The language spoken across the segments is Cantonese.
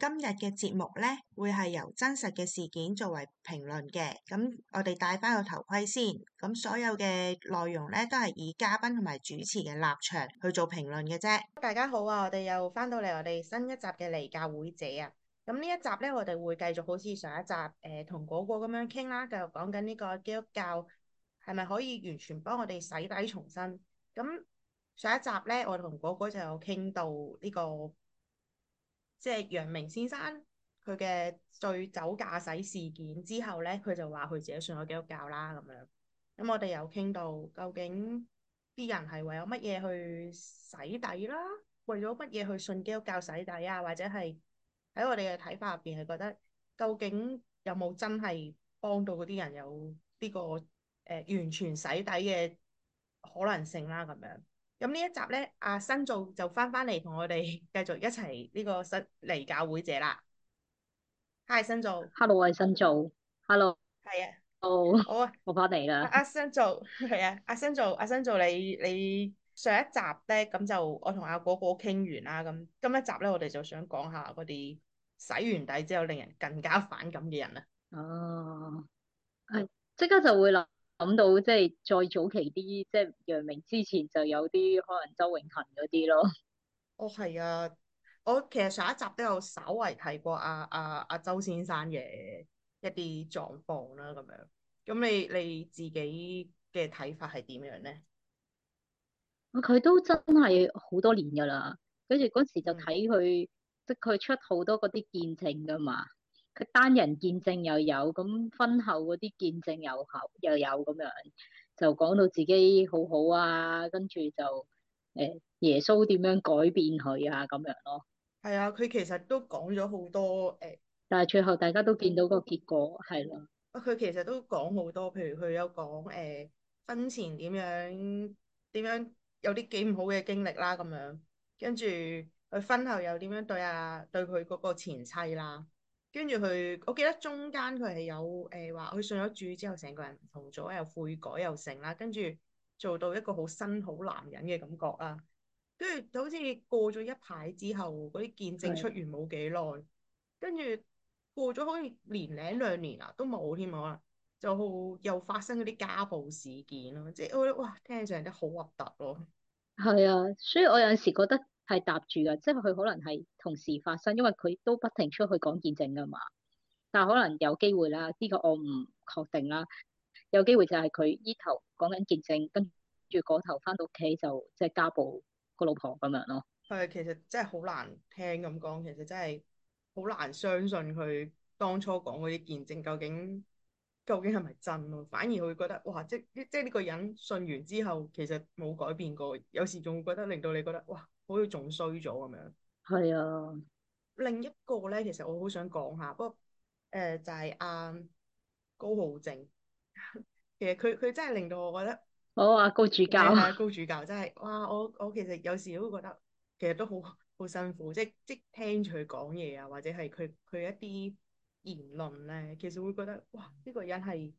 今日嘅節目咧，會係由真實嘅事件作為評論嘅，咁我哋戴翻個頭盔先。咁所有嘅內容咧，都係以嘉賓同埋主持嘅立場去做評論嘅啫。大家好啊，我哋又翻到嚟我哋新一集嘅離教會者啊。咁呢一集咧，我哋會繼續好似上一集誒同果果咁樣傾啦，繼續講緊呢個基督教係咪可以完全幫我哋洗底重生？咁上一集咧，我同果果就有傾到呢、這個。即係楊明先生佢嘅醉酒駕駛事件之後咧，佢就話佢自己信咗基督教啦咁樣。咁我哋有傾到究竟啲人係為咗乜嘢去洗底啦？為咗乜嘢去信基督教洗底啊？或者係喺我哋嘅睇法入邊係覺得究竟有冇真係幫到嗰啲人有呢個誒、呃、完全洗底嘅可能性啦？咁樣。咁呢一集咧，阿、啊、新造就翻翻嚟同我哋繼續一齊呢、這個新離教會者啦。Hi，新造。Hello，我係新造。Hello。係啊。哦、oh,，好啊，我返嚟啦。阿新造，係啊，阿新造，阿、啊、新造、啊啊啊啊，你你上一集咧，咁就我同阿、啊、果哥傾完啦。咁今一集咧，我哋就想講下嗰啲洗完底之後令人更加反感嘅人啊。哦。係，即刻就會啦。諗到即係再早期啲，即係楊明之前就有啲可能周永勤嗰啲咯。哦，係啊，我其實上一集都有稍微睇過阿阿阿周先生嘅一啲狀況啦，咁樣。咁你你自己嘅睇法係點樣咧？佢都真係好多年噶啦，跟住嗰時就睇佢，嗯、即佢出好多嗰啲見證噶嘛。佢單人見證又有，咁婚後嗰啲見證又合又有咁樣，就講到自己好好啊，跟住就誒耶穌點樣改變佢啊咁樣咯。係啊，佢其實都講咗好多誒，欸、但係最後大家都見到個結果係咯。啊，佢其實都講好多，譬如佢有講誒、欸、婚前點樣，點樣有啲幾唔好嘅經歷啦咁樣，跟住佢婚後又點樣對啊對佢嗰個前妻啦。跟住佢，我記得中間佢係有誒、話，佢信咗主之後，成個人唔同咗，又悔改又成啦。跟住做到一個好新好男人嘅感覺啦。跟住就好似過咗一排之後，嗰啲見證出完冇幾耐，跟住的過咗好似年零兩年啊，都冇添啊。就又發生嗰啲家暴事件咯，即係我覺得哇，聽起上嚟都好核突咯。係啊，所以我有陣時覺得。係搭住噶，即係佢可能係同時發生，因為佢都不停出去講見證噶嘛。但係可能有機會啦，呢個我唔確定啦。有機會就係佢依頭講緊見證，跟住嗰頭翻到屋企就即係家暴個老婆咁樣咯。係，其實真係好難聽咁講，其實真係好難相信佢當初講嗰啲見證究竟究竟係咪真咯？反而佢會覺得哇，即即呢個人信完之後，其實冇改變過，有時仲會覺得令到你覺得哇～好似仲衰咗咁樣。係啊，另一個咧，其實我好想講下，不過誒、呃、就係、是、啊高浩正，其實佢佢真係令到我覺得，我話、哦、高主教，係啊高主教真係，哇！我我其實有時都會覺得，其實都好好辛苦，即、就、即、是就是、聽佢講嘢啊，或者係佢佢一啲言論咧，其實會覺得哇！呢、這個人係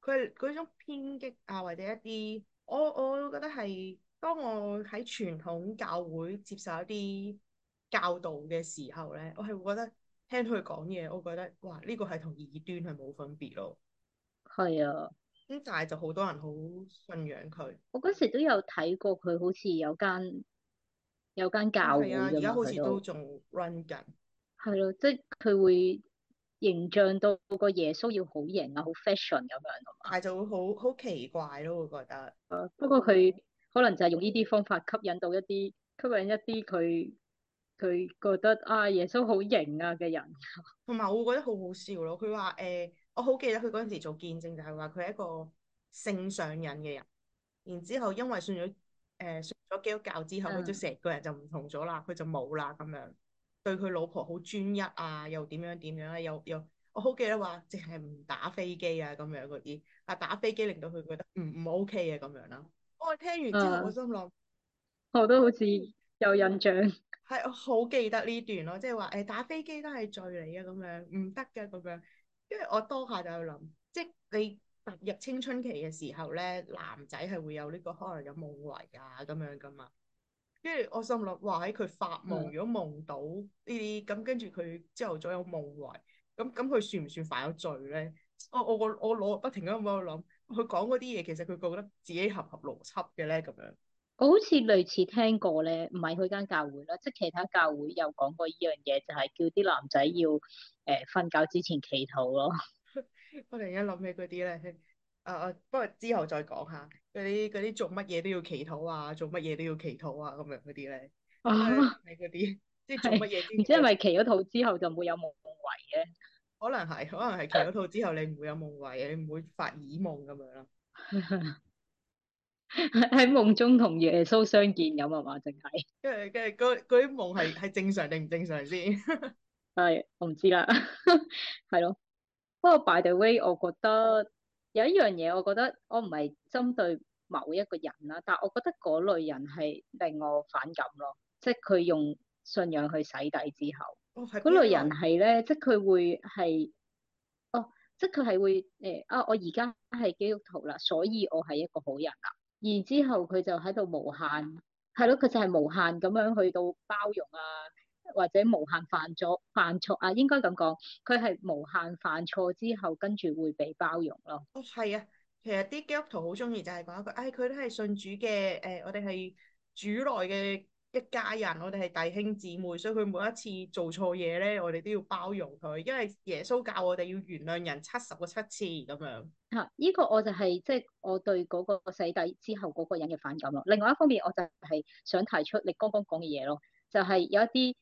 佢係嗰種偏激啊，或者一啲我我覺得係。當我喺傳統教會接受一啲教導嘅時候咧，我係會覺得聽佢講嘢，我覺得哇，呢個係同異端係冇分別咯。係啊，咁但係就好多人好信仰佢。我嗰時都有睇過佢，好似有間有間教會啊。而家好似都仲 run 緊。係咯，啊，即係佢會形象到個耶穌要好型啊，好 fashion 咁樣㗎嘛。但係就會好好奇怪咯，會覺得啊，不過佢。可能就係用呢啲方法吸引到一啲，吸引一啲佢佢覺得啊耶穌好型啊嘅人。同埋我會覺得好好笑咯，佢話誒，我好記得佢嗰陣時做見證就係話佢係一個性上癮嘅人。然之後因為信咗誒信咗基督教之後，佢、嗯、就成個人就唔同咗啦，佢就冇啦咁樣。對佢老婆好專一啊，又點樣點樣咧？又又我好記得話淨係唔打飛機啊咁樣嗰啲，啊打飛機令到佢覺得唔唔 OK 啊咁樣啦。我聽完之後，uh, 我心諗，我都好似有印象，係我好記得呢段咯，即係話誒打飛機都係罪嚟嘅咁樣唔得嘅咁樣。因為我當下就去諗，即係你踏入青春期嘅時候咧，男仔係會有呢、這個可能有夢遺啊，咁樣噶嘛。跟住我心諗，話喺佢發夢，如果夢到呢啲咁，嗯、跟住佢朝頭早有夢遺，咁咁佢算唔算犯咗罪咧？我我我我腦不停咁喺度諗。佢講嗰啲嘢，其實佢覺得自己合合邏輯嘅咧，咁樣。我好似類似聽過咧，唔係佢間教會啦，即係其他教會有講過依樣嘢，就係、是、叫啲男仔要誒瞓覺之前祈禱咯。 我突然間諗起嗰啲咧，啊啊！不過之後再講下嗰啲啲做乜嘢都要祈禱啊，做乜嘢都要祈禱啊，咁樣嗰啲咧。啊！你嗰啲即係。唔、就是、是知係咪祈咗禱之後就冇有夢遺嘅？可能係，可能係騎嗰套之後，你唔會有夢遺， 你唔會發耳夢咁樣， 夢樣 咯。喺喺夢中同耶穌相見有啊嘛，淨係。跟住，跟住，嗰啲夢係係正常定唔正常先？係，我唔知啦。係咯，不過 by the way，我覺得有一樣嘢，我覺得我唔係針對某一個人啦，但係我覺得嗰類人係令我反感咯，即係佢用信仰去洗底之後。嗰、哦啊、類人係咧，即係佢會係，哦，即係佢係會誒，啊、哎哦，我而家係基督徒啦，所以我係一個好人啦。然之後佢就喺度無限，係咯、嗯，佢就係無限咁樣去到包容啊，或者無限犯錯犯錯啊，應該咁講，佢係無限犯錯之後跟住會被包容咯。哦，係啊，其實啲基督徒好中意就係講一句，哎，佢都係信主嘅，誒、哎，我哋係主內嘅。一家人，我哋係弟兄姊妹，所以佢每一次做錯嘢咧，我哋都要包容佢，因為耶穌教我哋要原諒人七十個七次咁樣。啊，呢個我就係即係我對嗰個洗底之後嗰個人嘅反感咯。另外一方面，我就係想提出你剛剛講嘅嘢咯，就係、是、有一啲，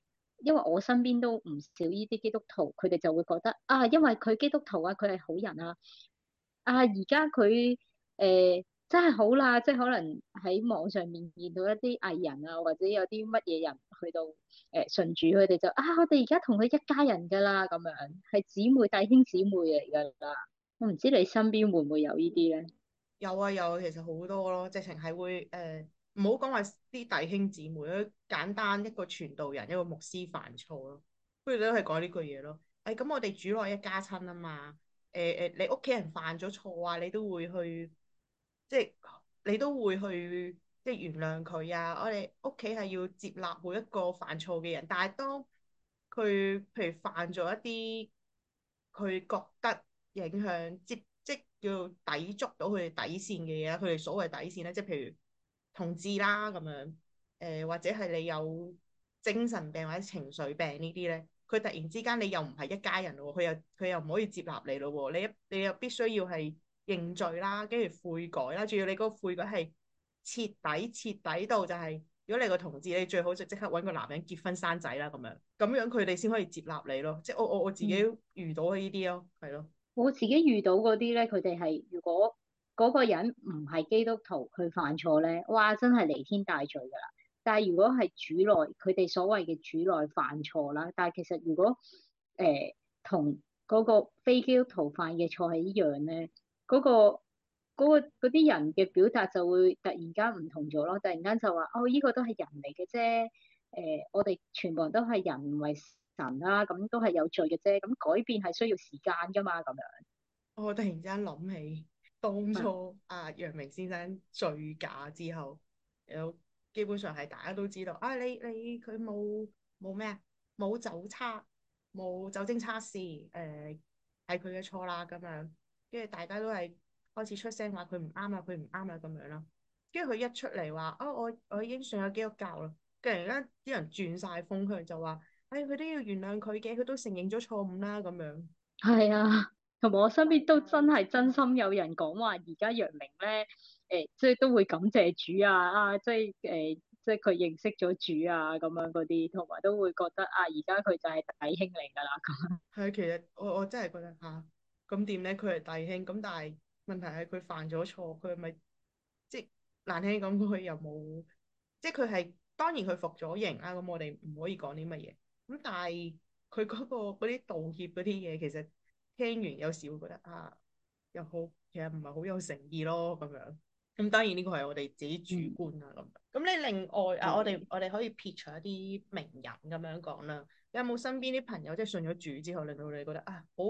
因為我身邊都唔少呢啲基督徒，佢哋就會覺得啊，因為佢基督徒啊，佢係好人啊，啊而家佢誒。真係好啦，即係可能喺網上面見到一啲藝人啊，或者有啲乜嘢人去到誒信、呃、主，佢哋就啊，我哋而家同佢一家人噶啦咁樣，係姊妹弟兄姊妹嚟噶啦。我唔知你身邊會唔會有呢啲咧？有啊有，其實好多咯，直情淨係會唔好講話啲弟兄姊妹咯，簡單一個傳道人，一個牧師犯錯咯，不如都係講呢句嘢咯。誒、哎、咁、嗯、我哋主內一家親啊嘛，誒、呃、誒、呃、你屋企人犯咗錯啊，你都會去。即係你都會去即係原諒佢啊！我哋屋企係要接納每一個犯錯嘅人，但係當佢譬如犯咗一啲佢覺得影響接即係叫抵觸到佢哋底線嘅嘢啊，佢哋所謂底線咧，即係譬如同志啦咁樣，誒、呃、或者係你有精神病或者情緒病呢啲咧，佢突然之間你又唔係一家人喎，佢又佢又唔可以接納你咯喎，你一你又必須要係。認罪啦，跟住悔改啦，仲要你個悔改係徹底徹底到就係，如果你個同志你最好就即刻搵個男人結婚生仔啦，咁樣咁樣佢哋先可以接納你咯。即係我我我自己遇到呢啲咯，係咯。我自己遇到嗰啲咧，佢哋係如果嗰個人唔係基督徒佢犯錯咧，哇真係彌天大罪㗎啦！但係如果係主內佢哋所謂嘅主內犯錯啦，但係其實如果誒同嗰個非基督徒犯嘅錯係一樣咧。嗰個嗰個嗰啲人嘅表達就會突然間唔同咗咯，突然間就話哦，依個都係人嚟嘅啫，誒，我哋全部人都係人，唔係神啦，咁都係有罪嘅啫，咁改變係需要時間噶嘛，咁樣。我突然之間諗起當初啊楊明先生醉駕之後，有 基本上係大家都知道啊，你你佢冇冇咩啊，冇酒測，冇酒精測試，誒係佢嘅錯啦，咁樣。跟住大家都係開始出聲話佢唔啱啊，佢唔啱啊咁樣啦。跟住佢一出嚟話啊，我我已經信咗基督教啦。跟住而家啲人轉晒風向就話，哎，佢都要原諒佢嘅，佢都承認咗錯誤啦咁樣。係啊，同埋我身邊都真係真心有人講話，而家楊明咧，誒，即係都會感謝主啊，啊，即係誒，即係佢認識咗主啊，咁樣嗰啲，同埋都會覺得啊，而家佢就係弟兄嚟噶啦咁。係啊，其實我我真係覺得嚇。啊。咁點咧？佢係弟兄，咁但係問題係佢犯咗錯，佢咪即係難聽啲講，佢又冇即係佢係當然佢服咗刑啊！咁我哋唔可以講啲乜嘢。咁但係佢嗰個嗰啲道歉嗰啲嘢，其實聽完有時會覺得啊，又好其實唔係好有誠意咯咁樣。咁當然呢個係我哋自己主觀啊咁。咁、嗯、你另外、嗯、啊，我哋我哋可以撇除一啲名人咁樣講啦。有冇身邊啲朋友即係信咗主之後，令到你覺得啊好？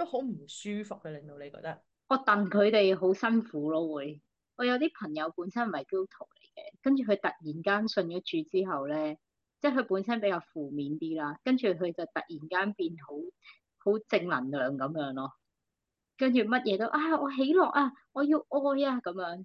都好唔舒服嘅，令到你覺得我戥佢哋好辛苦咯。會我有啲朋友本身唔係基督徒嚟嘅，跟住佢突然間信咗主之後咧，即係佢本身比較負面啲啦，跟住佢就突然間變好好正能量咁樣咯。跟住乜嘢都啊，我喜樂啊，我要愛啊咁樣。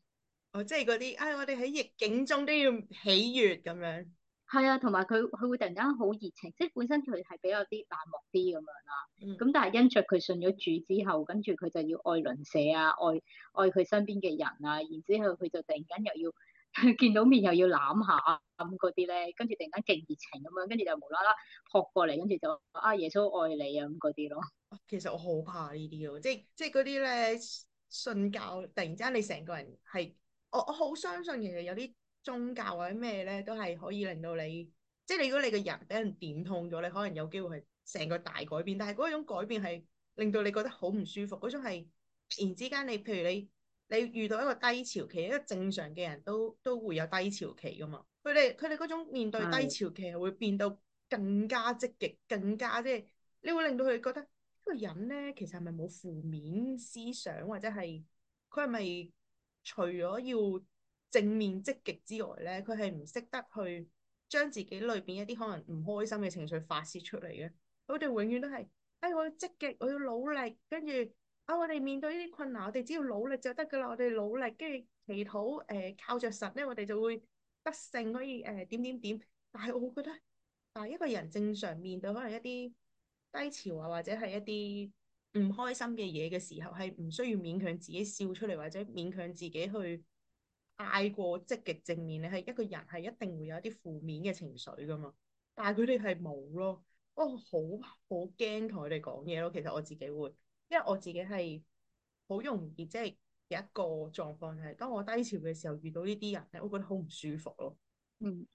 哦，即係嗰啲唉，我哋喺逆境中都要喜悅咁樣。係啊，同埋佢佢會突然間好熱情，即係本身佢係比較啲冷漠啲咁樣啦。咁、嗯、但係因着佢信咗主之後，跟住佢就要愛鄰舍啊，愛愛佢身邊嘅人啊，然之後佢就突然間又要見到面又要攬下啊咁嗰啲咧，跟住突然間勁熱情咁樣，跟住就無啦啦撲過嚟，跟住就啊耶穌愛你啊咁嗰啲咯。其實我好怕呢啲咯，即係即係嗰啲咧，信教突然之間你成個人係，我我好相信其實有啲。宗教或者咩咧，都係可以令到你，即係你如果你個人俾人點痛咗，你可能有機會係成個大改變，但係嗰種改變係令到你覺得好唔舒服，嗰種係突然之間，你，譬如你你遇到一個低潮期，一個正常嘅人都都會有低潮期噶嘛。佢哋佢哋嗰種面對低潮期係會變到更加積極，更加即係你會令到佢覺得呢個人咧，其實，係咪冇負面思想，或者係佢係咪除咗要？正面積極之外咧，佢係唔識得去將自己裏邊一啲可能唔開心嘅情緒發泄出嚟嘅。我哋永遠都係，哎，我要積極，我要努力，跟住啊，我哋面對呢啲困難，我哋只要努力就得㗎喇。我哋努力跟住祈禱，誒、呃，靠着神咧，我哋就會得勝，可以誒、呃、點點點。但係我覺得，但係一個人正常面對可能一啲低潮啊，或者係一啲唔開心嘅嘢嘅時候，係唔需要勉強自己笑出嚟，或者勉強自己去。太過積極正面，你係一個人係一定會有一啲負面嘅情緒噶嘛。但係佢哋係冇咯，我好好驚同佢哋講嘢咯。其實我自己會，因為我自己係好容易即係、就是、有一個狀況係，當我低潮嘅時候遇到呢啲人咧，我覺得好唔舒服咯。嗯，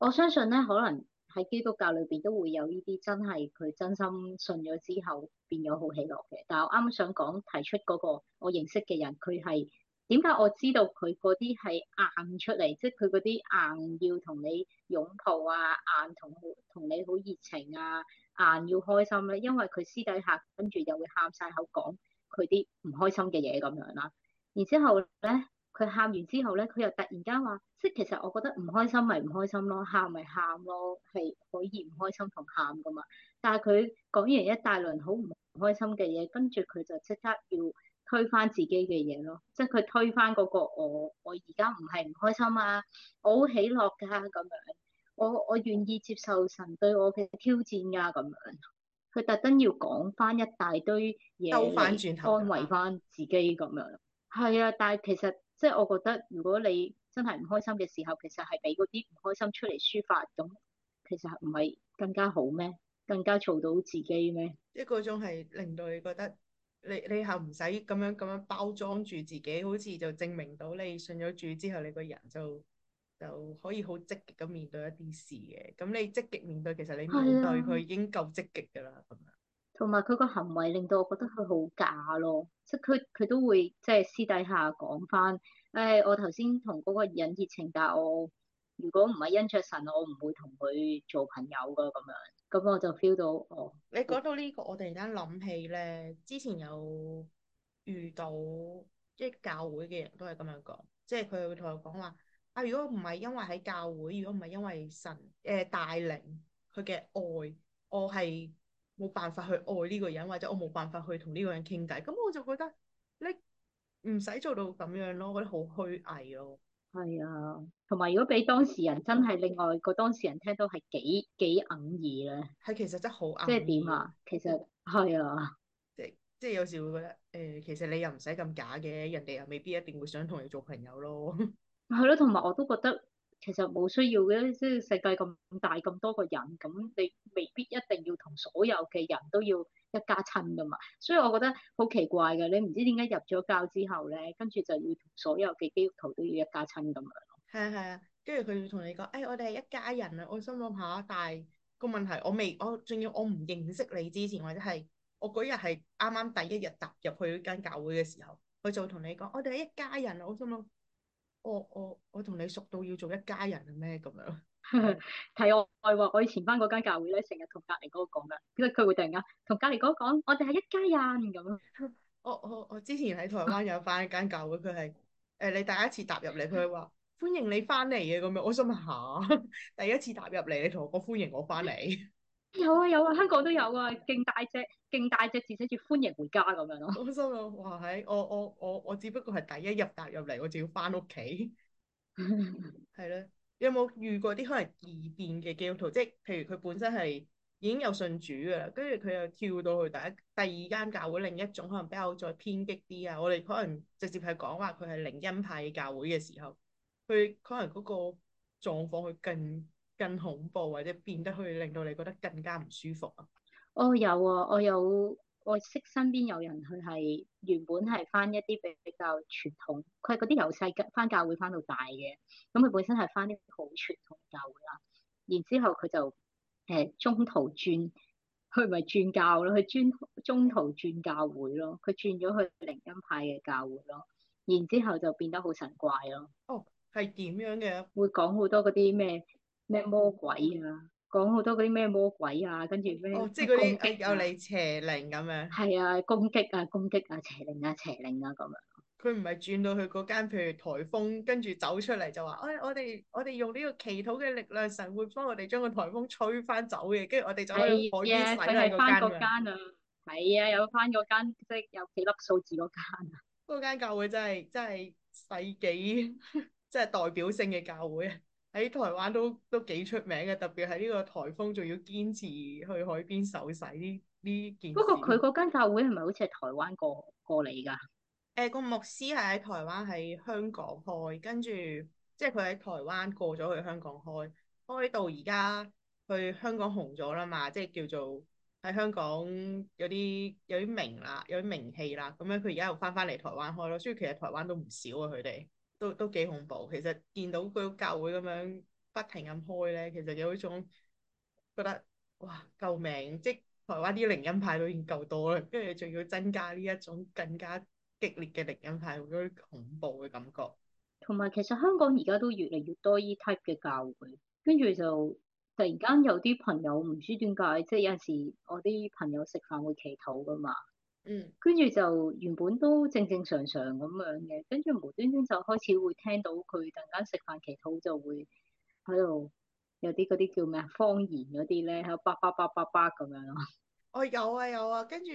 我相信咧，可能喺基督教裏邊都會有呢啲真係佢真心信咗之後變咗好喜樂嘅。但係我啱啱想講提出嗰個我認識嘅人，佢係。點解我知道佢嗰啲係硬出嚟，即係佢嗰啲硬要同你擁抱啊，硬同同你好熱情啊，硬要開心咧、啊？因為佢私底下跟住就會喊晒口講佢啲唔開心嘅嘢咁樣啦、啊。然之後咧，佢喊完之後咧，佢又突然間話，即係其實我覺得唔開心咪唔開心咯，喊咪喊咯，係可以唔開心同喊噶嘛。但係佢講完一大輪好唔開心嘅嘢，跟住佢就即刻要。推翻自己嘅嘢咯，即係佢推翻嗰個我，我而家唔係唔開心啊，我好喜樂噶咁樣，我我願意接受神對我嘅挑戰噶、啊、咁樣，佢特登要講翻一大堆嘢，兜翻轉頭安慰翻自己咁樣。係啊，但係其實即係我覺得，如果你真係唔開心嘅時候，其實係俾嗰啲唔開心出嚟抒發，咁其實係唔係更加好咩？更加做到自己咩？一個仲係令到你覺得。你你後唔使咁樣咁樣包裝住自己，好似就證明到你信咗主之後，你個人就就可以好積極咁面對一啲事嘅。咁你積極面對，其實你面對佢已經夠積極噶啦。咁、哎、呀樣。同埋佢個行為令到我覺得佢好假咯，即係佢佢都會即係私底下講翻，誒、哎、我頭先同嗰個人熱情，但係我如果唔係因著神，我唔會同佢做朋友噶咁樣。咁我就 feel 到哦。你講到呢個，我突然間諗起咧，之前有遇到即係教會嘅人都係咁樣講，即係佢會同我講話，啊，如果唔係因為喺教會，如果唔係因為神誒帶領佢嘅愛，我係冇辦法去愛呢個人，或者我冇辦法去同呢個人傾偈。咁我就覺得你唔使做到咁樣咯，我覺得好虛偽咯。係啊，同埋如果俾當事人真係另外個當事人聽到係幾幾哽耳咧，係其實真係好啱。即係點啊？其實係啊，即係即係有時會覺得誒、呃，其實你又唔使咁假嘅，人哋又未必一定會想同你做朋友咯。係咯、啊，同埋我都覺得。其實冇需要嘅，即係世界咁大咁多個人，咁你未必一定要同所有嘅人都要一家親噶嘛。所以我覺得好奇怪嘅，你唔知點解入咗教之後咧，跟住就要同所有嘅基督徒都要一家親咁樣。係啊係啊，跟住佢會同你講，誒、哎、我哋係一家人啊，我心諗下，但係個問題我未，我仲要我唔認識你之前，或者係我嗰日係啱啱第一日踏入去間教會嘅時候，佢就同你講我哋係一家人，我心諗。哦、我我我同你熟到要做一家人咩咁樣？睇 我話我以前翻嗰間教會咧，成日同隔籬嗰個講嘅，其實佢會突然間同隔籬嗰個講，我哋係一家人咁。我 我、哦哦、我之前喺台灣有翻一間教會，佢係誒你第一次踏入嚟，佢話 歡迎你翻嚟啊咁樣。我心想問下第一次踏入嚟，你同我講歡迎我翻嚟。 有啊有啊，香港都有啊，勁大隻勁大隻字，寫住歡迎回家咁樣咯，啊。我收到話喺我我我我只不過係第一日踏入嚟，我就要翻屋企，係 咯。 有冇遇過啲可能異變嘅基督徒？即係譬如佢本身係已經有信主噶啦，跟住佢又跳到去第一第二間教會，另一種可能比較再偏激啲啊。我哋可能直接係講話佢係靈恩派教會嘅時候，佢可能嗰個狀況佢更。更恐怖或者變得去令到你覺得更加唔舒服啊！我、哦、有啊，我有我識身邊有人佢係原本係翻一啲比較傳統，佢係嗰啲由細嘅翻教會翻到大嘅，咁佢本身係翻啲好傳統教會啦。然之後佢就誒、呃、中途轉，佢咪轉教咯？佢專中途轉教會咯，佢轉咗去靈恩派嘅教會咯。然之後就變得好神怪咯。哦，係點樣嘅？會講好多嗰啲咩？咩魔鬼啊？講好多嗰啲咩魔鬼啊，跟住咩即嗰啲、攻擊啊、有你邪靈咁樣？係啊，攻擊啊，攻擊啊，邪靈啊，邪靈啊咁樣。佢唔係轉到去嗰間，譬如台風，跟住走出嚟就話：，哎，我哋我哋用呢個祈禱嘅力量，神會幫我哋將個颱風吹翻走嘅。跟住我哋就可以使返嗰間啊。係 啊，有翻嗰間，即係有幾粒數字嗰間啊。嗰間教會真係真係世紀，即係代表性嘅教會啊！ 喺台灣都都幾出名嘅，特別係呢個颱風，仲要堅持去海邊受洗呢呢件事。不過佢嗰間教會係咪好似係台灣過過嚟㗎？誒、呃那個牧師係喺台灣喺香港開，跟住即係佢喺台灣過咗去香港開，開到而家去香港紅咗啦嘛，即係叫做喺香港有啲有啲名啦，有啲名，名氣啦。咁樣佢而家又翻翻嚟台灣開咯，所以其實台灣都唔少啊佢哋。都都幾恐怖，其實見到佢個教會咁樣不停咁開咧，其實有一種覺得哇救命！即台灣啲靈恩派都已經夠多啦，跟住仲要增加呢一種更加激烈嘅靈恩派，會有恐怖嘅感覺。同埋其實香港而家都越嚟越多 E-type 嘅教會，跟住就突然間有啲朋友唔知點解，即有陣時我啲朋友食飯會祈禱噶嘛。嗯，跟住就原本都正正常常咁樣嘅，跟住無端端就開始會聽到佢突然間食飯祈禱，就會喺度有啲嗰啲叫咩啊方言嗰啲咧，喺度叭叭叭叭叭咁樣咯。哦有啊有啊，跟住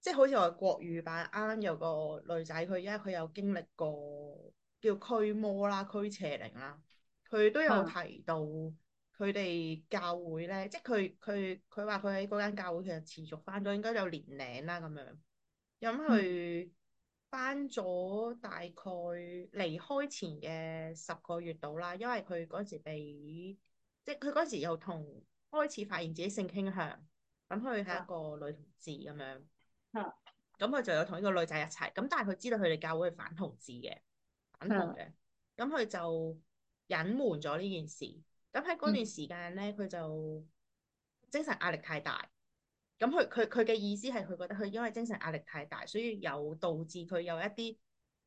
即係好似我國語版啱啱有個女仔，佢因為佢有經歷過叫驅魔啦驅邪靈啦，佢都有提到。佢哋教會咧，即係佢佢佢話佢喺嗰間教會其實持續翻咗，應該有年零啦咁樣。咁佢翻咗大概離開前嘅十個月度啦，因為佢嗰時被即係佢嗰時又同開始發現自己性傾向，咁佢係一個女同志咁樣。嚇、啊！咁佢就有同呢個女仔一齊，咁但係佢知道佢哋教會係反同志嘅，反同嘅，咁佢、啊、就隱瞞咗呢件事。咁喺嗰段時間咧，佢就精神壓力太大。咁佢佢佢嘅意思係，佢覺得佢因為精神壓力太大，所以又導致佢有一啲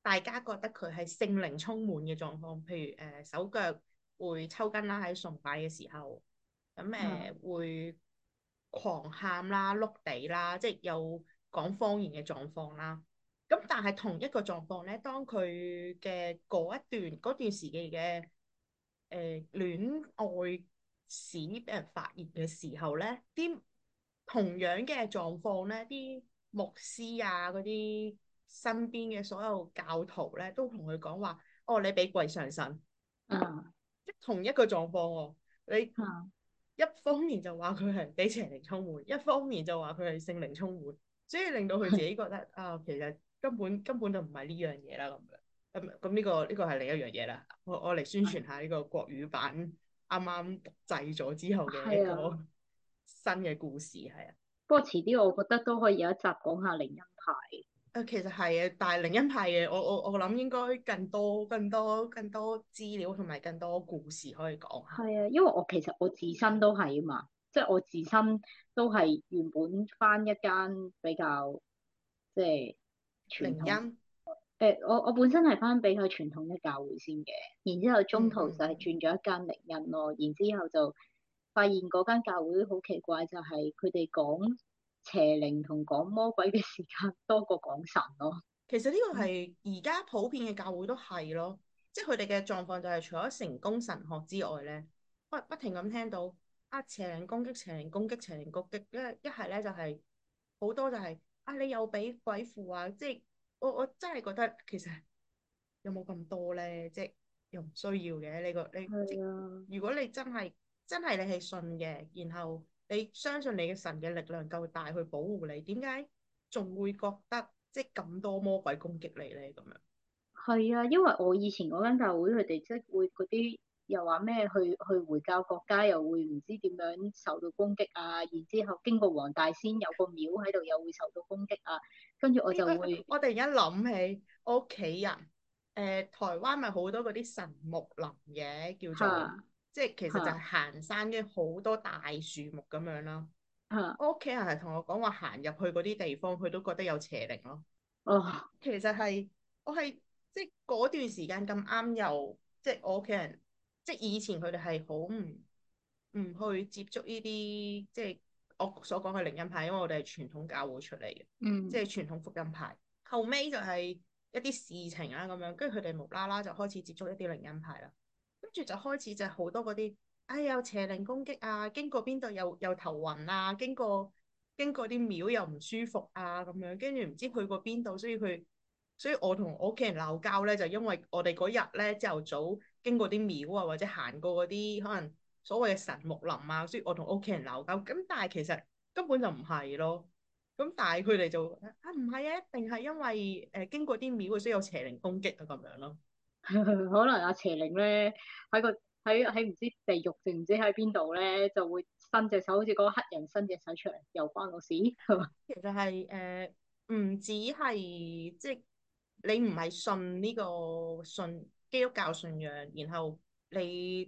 大家覺得佢係性靈充滿嘅狀況，譬如誒、呃、手腳會抽筋啦，喺崇拜嘅時候，咁誒、呃嗯、會狂喊啦、碌地啦，即係有講方言嘅狀況啦。咁但係同一個狀況咧，當佢嘅嗰一段嗰段時期嘅誒戀愛史俾人發現嘅時候咧，啲同樣嘅狀況咧，啲牧師啊，嗰啲身邊嘅所有教徒咧，都同佢講話：，哦，你俾鬼上身。嗯、uh，即、huh. 係同一個狀況喎、哦。你一方面就話佢係俾邪靈充滿，一方面就話佢係聖靈充滿，所以令到佢自己覺得啊、 哦，其實根本根本就唔係呢樣嘢啦咁。咁呢、嗯嗯嗯這個呢、這個係另一樣嘢啦，我我嚟宣傳下呢個國語版啱啱製咗之後嘅一個、啊、新嘅故事，係啊。不過遲啲我覺得都可以有一集講下靈恩派。誒，其實係嘅，但係靈恩派嘅我我我諗應該更多更多更多資料同埋更多故事可以講下。係你們 啊，因為我其實我自身都係啊嘛，即係我自身都係原本返一間比較即係、就是、傳統。誒，我我本身係翻比較傳統嘅教會先嘅，然之後中途就係轉咗一間靈恩咯，嗯、然之後就發現嗰間教會好奇怪，就係佢哋講邪靈同講魔鬼嘅時間多過講神咯。其實呢個係而家普遍嘅教會都係咯，即係佢哋嘅狀況就係除咗成功神學之外咧，不不停咁聽到啊邪靈攻擊邪靈攻擊邪靈攻擊，一係咧就係、是、好多就係、是、啊你又俾鬼附啊，即係。我我真係覺得其實有冇咁多咧，即係又唔需要嘅呢個你，你。如果你真係真係你係信嘅，然後你相信你嘅神嘅力量夠大去保護你，點解仲會覺得即係咁多魔鬼攻擊你咧咁樣？係啊，因為我以前嗰間教會佢哋即係會嗰啲。又話咩？去去回教國家又會唔知點樣受到攻擊啊！然之後經過黃大仙有個廟喺度，又會受到攻擊啊！跟住我就會我突然間諗起我屋企人誒、呃，台灣咪好多嗰啲神木林嘅叫做，啊、即係其實就係行山嘅好多大樹木咁樣咯，啊。我屋企人係同我講話行入去嗰啲地方，佢都覺得有邪靈咯。啊，其實係我係即係嗰段時間咁啱，又即係我屋企人。即係以前佢哋係好唔唔去接觸呢啲，即係我所講嘅靈恩派，因為我哋係傳統教會出嚟嘅，嗯、即係傳統福音派。後尾就係一啲事情啊咁樣，跟住佢哋無啦啦就開始接觸一啲靈恩派啦，跟住就開始就好多嗰啲，哎呀邪靈攻擊啊，經過邊度又又頭暈啊，經過經過啲廟又唔舒服啊咁樣，跟住唔知去過邊度，所以佢，所以我同我屋企人鬧交咧，就因為我哋嗰日咧朝頭早，上早上。經過啲廟啊，或者行過嗰啲可能所謂嘅神木林啊，所以我同屋企人鬧交。咁但係其實根本就唔係咯。咁但係佢哋就啊唔係啊，定係、啊、因為誒、呃、經過啲廟、啊，所以有邪靈攻擊啊咁樣咯。 可能阿、啊、邪靈咧喺個喺喺唔知地獄定唔知喺邊度咧，就會伸隻手，好似嗰個黑人伸隻手出嚟，又關我事係嘛？其實係誒，唔止係即係你唔係信呢、呢個信。基督教信仰，然後你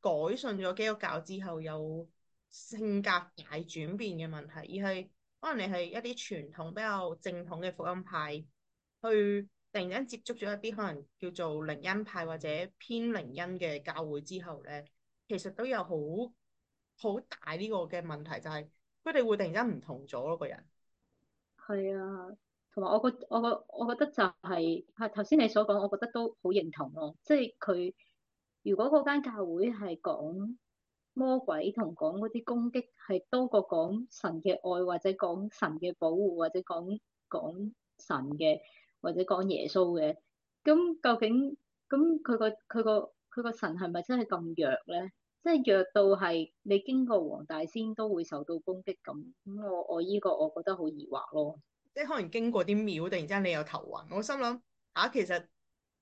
改信咗基督教之後，有性格大轉變嘅問題，而係可能你係一啲傳統比較正統嘅福音派，去突然間接觸咗一啲可能叫做靈恩派或者偏靈恩嘅教會之後咧，其實都有好好大呢個嘅問題，就係佢哋會突然間唔同咗嗰個人。係啊。同埋我覺我覺我覺得就係係頭先你所講，我覺得都好認同咯。即係佢如果嗰間教會係講魔鬼同講嗰啲攻擊係多過講神嘅愛，或者講神嘅保護，或者講講神嘅或者講耶穌嘅，咁究竟咁佢個佢個佢個神係咪真係咁弱咧？即係弱到係你經過黃大仙都會受到攻擊咁？咁我我依個我覺得好疑惑咯。即係可能經過啲廟，突然之間你又頭暈。我心諗嚇、啊，其實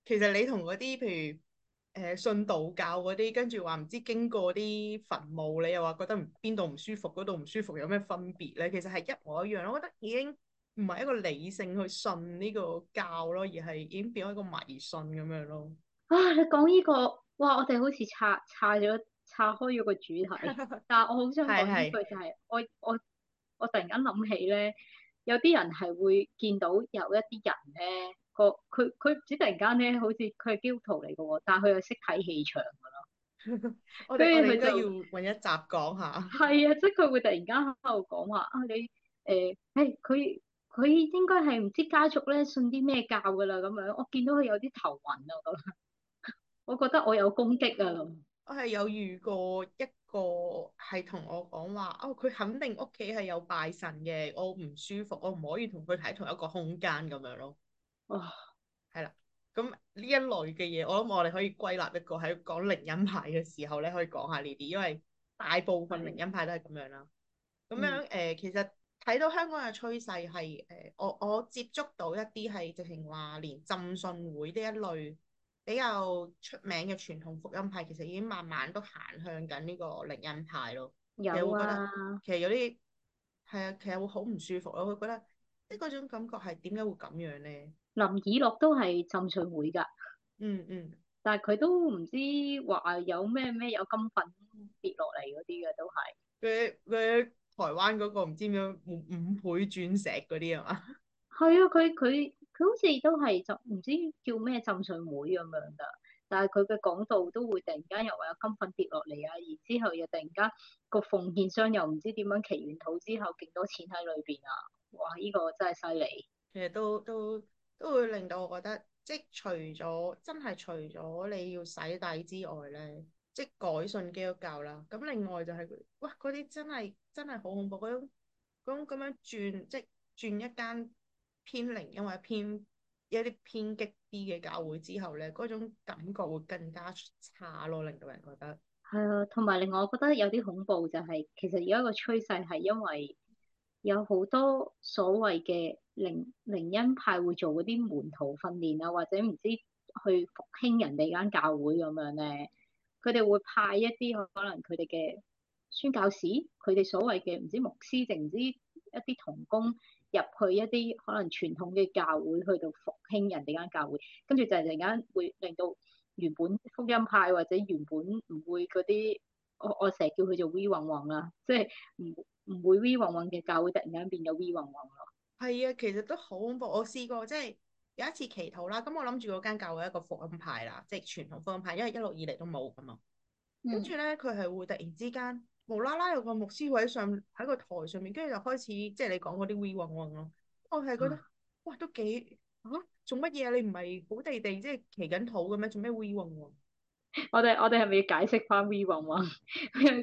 其實你同嗰啲譬如誒信道教嗰啲，跟住話唔知經過啲墳墓，你又話覺得邊度唔舒服，嗰度唔舒服，有咩分別咧？其實係一模一樣。我覺得已經唔係一個理性去信呢個教咯，而係已經變咗一個迷信咁樣咯。啊！你講呢、呢個哇，我哋好似拆拆咗拆開咗個主題。 但係我好想講呢句、就係，就係是我我我突然間諗起咧。 有啲人係會見到有一啲人咧，個佢佢佢突然間咧，好似佢係基督徒嚟嘅喎，但係佢又識睇氣場㗎咯。 我哋咪都要搵一集講下。係啊，即係佢會突然間喺度講話啊，你誒誒佢佢應該係唔知家族咧信啲咩教㗎啦咁樣。我見到佢有啲頭暈啊，我覺得我覺得我有攻擊啊咁。我係有遇過一個係同我講話，哦，佢肯定屋企係有拜神嘅，我唔舒服，我唔可以同佢喺同一個空間咁樣咯。哇唉，係啦，咁呢一類嘅嘢，我諗我哋可以歸納一個喺講靈恩派嘅時候咧，可以講下呢啲，因為大部分靈恩派都係咁樣啦。咁、嗯、樣誒、呃，其實睇到香港嘅趨勢係誒、呃，我我接觸到一啲係直情話連浸信會呢一類。比較出名嘅傳統福音派其實已經慢慢都行向緊呢個靈恩派咯，有啊其。其實有啲係啊，其實會好唔舒服咯。佢覺得即嗰種感覺係點解會咁樣咧？林以樂都係浸信會㗎、嗯，嗯嗯，但係佢都唔知話有咩咩有金粉跌落嚟嗰啲嘅都係。佢佢台灣嗰個唔知點樣五倍鑽石嗰啲係嘛？係啊，佢佢。好似都係就唔知叫咩浸信會咁樣噶，但係佢嘅講道都會突然間又話有金粉跌落嚟啊，而之後又突然間個奉獻箱又唔知點樣祈完禱之後勁多錢喺裏邊啊，哇！呢、這個真係犀利。其實都都都會令到我覺得，即係除咗真係除咗你要洗底之外咧，即係改信基督教啦。咁另外就係、是，哇！嗰啲真係真係好恐怖，嗰種嗰種咁樣轉，即係轉一間。偏靈，因為偏一啲偏激啲嘅教會之後咧，嗰種感覺會更加差咯，令到人覺得係啊，同埋令我覺得有啲恐怖就係、是，其實而家個趨勢係因為有好多所謂嘅靈靈恩派會做嗰啲門徒訓練啊，或者唔知去復興人哋間教會咁樣咧、啊，佢哋會派一啲可能佢哋嘅宣教士，佢哋所謂嘅唔知牧師定唔知一啲童工，入去一啲可能傳統嘅教會，去到復興人哋間教會，跟住就係突然間會令到原本福音派或者原本唔會嗰啲，我我成日叫佢做 V 旺旺啦，即係唔唔會 V 旺旺嘅教會突然間變咗 V 旺旺咯。係啊，其實都好恐怖。我試過即係有一次祈禱啦，咁我諗住嗰間教會係一個福音派啦，即係傳統福音派，因為一路以嚟都冇㗎嘛。跟住咧，佢係會突然之間。無啦啦有個牧師位上喺個台上面，跟住就開始即係你講嗰啲 we 揾揾咯。2，我係覺得、嗯、哇，都幾嚇、啊，做乜嘢啊？你唔係好地地即係祈緊禱噉樣？做咩 we 揾揾？我哋我哋係咪要解釋翻 we 揾揾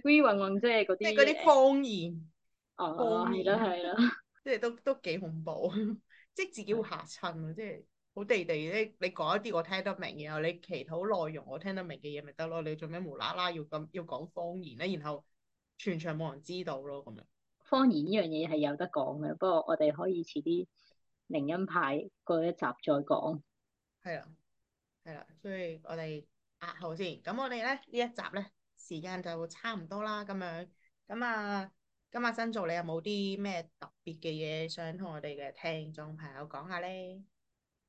？we 揾揾即係嗰啲，即係嗰啲方言，方、哦、言啦係啦，即係、哦、都都，都幾恐怖， 即係自己會嚇親即係好地地咧，你講一啲我聽得明，然後你祈禱內容我聽得明嘅嘢咪得咯。你做咩無啦啦要咁要講方言咧？然後，然後全場冇人知道咯，咁樣方言呢樣嘢係有得講嘅，不過我哋可以遲啲靈音派過一集再講，係啦，係啦，所以我哋壓後先。咁我哋咧呢一集咧時間就差唔多啦，咁樣咁啊，今日新做你有冇啲咩特別嘅嘢想同我哋嘅聽眾朋友講下咧？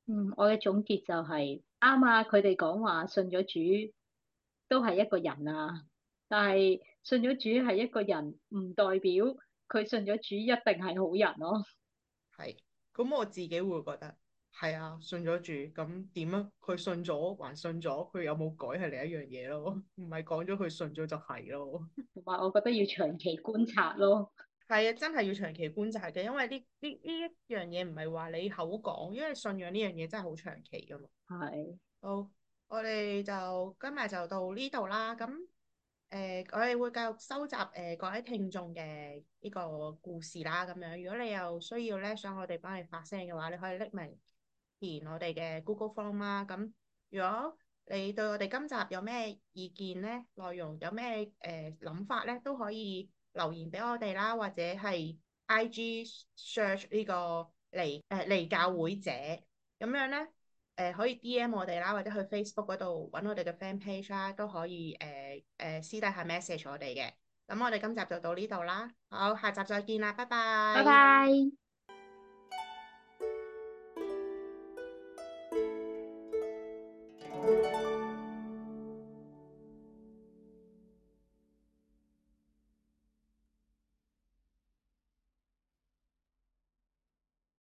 嗯，我嘅總結就係啱啊，佢哋講話信咗主都係一個人啊。但係信咗主係一個人，唔代表佢信咗主一定係好人咯。係，咁我自己會覺得係啊，信咗主，咁點樣？佢信咗，還信咗，佢有冇改係另一樣嘢咯？唔係講咗佢信咗就係咯。哇， 我覺得要長期觀察咯。係啊，真係要長期觀察嘅，因為呢呢呢一樣嘢唔係話你口講，因為信仰呢樣嘢真係好長期噶嘛。係，好，我哋就今日就到呢度啦，咁。誒、呃，我哋會繼續收集誒、呃、各位聽眾嘅呢個故事啦，咁樣如果你有需要咧，想我哋幫你發聲嘅話，你可以匿名填我哋嘅 Google Form 啦、啊。咁如果你對我哋今集有咩意見咧，內容有咩誒諗法咧，都可以留言俾我哋啦，或者係 I G search 呢個離誒離教會者咁樣咧。誒、呃、可以 DM 我哋啦，或者去 Facebook 嗰度揾我哋嘅 Fan Page 啦，都可以誒誒、呃呃、私底下 message 我哋嘅。咁我哋今集就到呢度啦，好，下集再見啦，拜拜。拜拜。